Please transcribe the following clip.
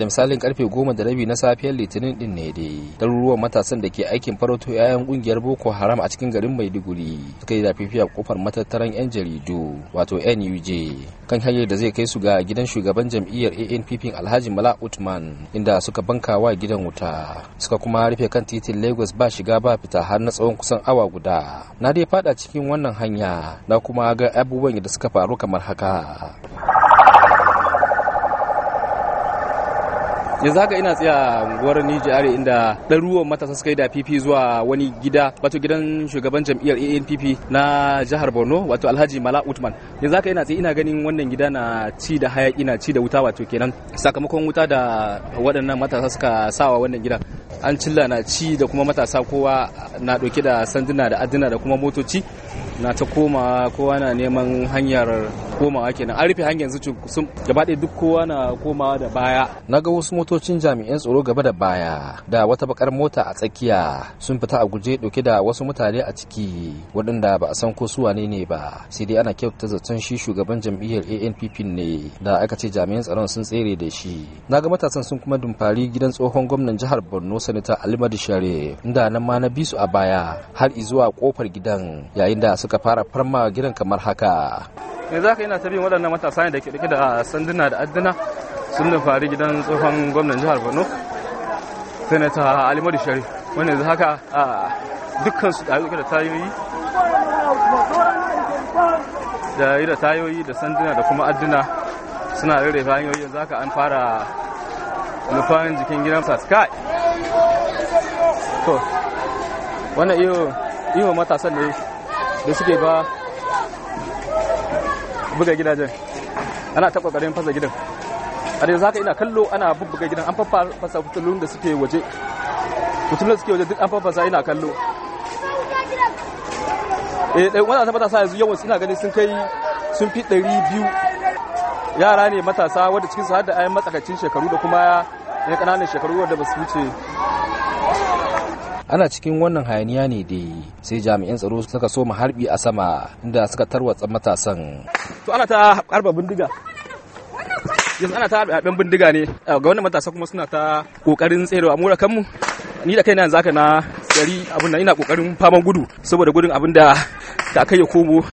da misalin karfe goma da rabi na safiyar litinin din ne dai daruruwan matasan da ke aikin farauto 'ya'yan kungiyar boko haram a cikin garin maiduguri suka yi zafifiya kofar matattaran 'yan jaridu wato nuj kan hanyar da zai kai su ga gidan shugaban jam'iyyar anpp alhaji mala utman inda suka banka wa gidan wuta suka kuma rufe kan titin lagos ba shiga ba fita har na tsawon kusan awa guda na dai fada cikin wannan hanya na kuma ga abubuwan da suka faru kamar haka yanzu haka ina tsaya gwar Nijiyar inda ɗaruwan matasa suka yi da fifi zuwa wani gida wato gidan shugaban jam'iyyar ANPP na jihar Borno wato Alhaji Mala Utman yanzu haka ina tsaye ina ganin wannan gida na ci da hayaki na ci da wuta wato kenan sakamakon wuta da waɗannan matasa suka sawa wannan gida an cilla na ci da kuma matasa kowa na ɗauke da sanduna da adduna da kuma motoci na ta koma kowa na neman hanyar komawa kenan an rufe hanyar yanzu sun gaba ɗaya duk kowa na komawa da baya na ga wasu motocin jami'an tsaro gaba da baya da wata bakar mota a tsakiya sun fita a guje dauke da wasu mutane a ciki waɗanda ba a san ko su wane ne ba sai dai ana kyautata zaton shi shugaban jam'iyyar ANPP ne da aka ce jami'an tsaron sun tsere da shi na ga matasan sun kuma dumfari gidan tsohon gwamnan jihar Borno sanata Alimadu Share inda nan ma na bi su a baya har izuwa kofar gidan yayin da suka fara farma gidan kamar haka ne za ka yana ta bin waɗannan matasa ne da ke da sanduna da adduna sun nufari gidan tsohon gwamnan jihar borno senator alimadu shari wani yanzu haka dukkan su ɗaya da tayoyi da yi da tayoyi da sanduna da kuma adduna suna rere hanyoyi yanzu haka an fara nufan jikin gidan sa sky to wannan iyo matasan ne da suke ba buga gidajen ana ta kokarin fasa gidan a yanzu haka ina kallo ana bubbuga gidan an fasa fitilun da suke waje fitilun da suke waje duk an fasa ina kallo eh dai wannan matasa yanzu yawan suna ganin sun kai sun fi 200 yara ne matasa wanda cikin su har da ayan matsakaicin shekaru da kuma ne kananan shekaru wanda ba su wuce ana cikin wannan hayaniya ne dai sai jami'an tsaro suka so harbi a sama inda suka tarwatsa matasan to ana ta harba bindiga yanzu ana ta harbe bindiga ne ah, ga wannan matasa kuma suna ta kokarin tserewa mu kanmu ni da kaina yanzu haka na gari abin nan ina kokarin faman gudu saboda gudun abin da ta kai ya komo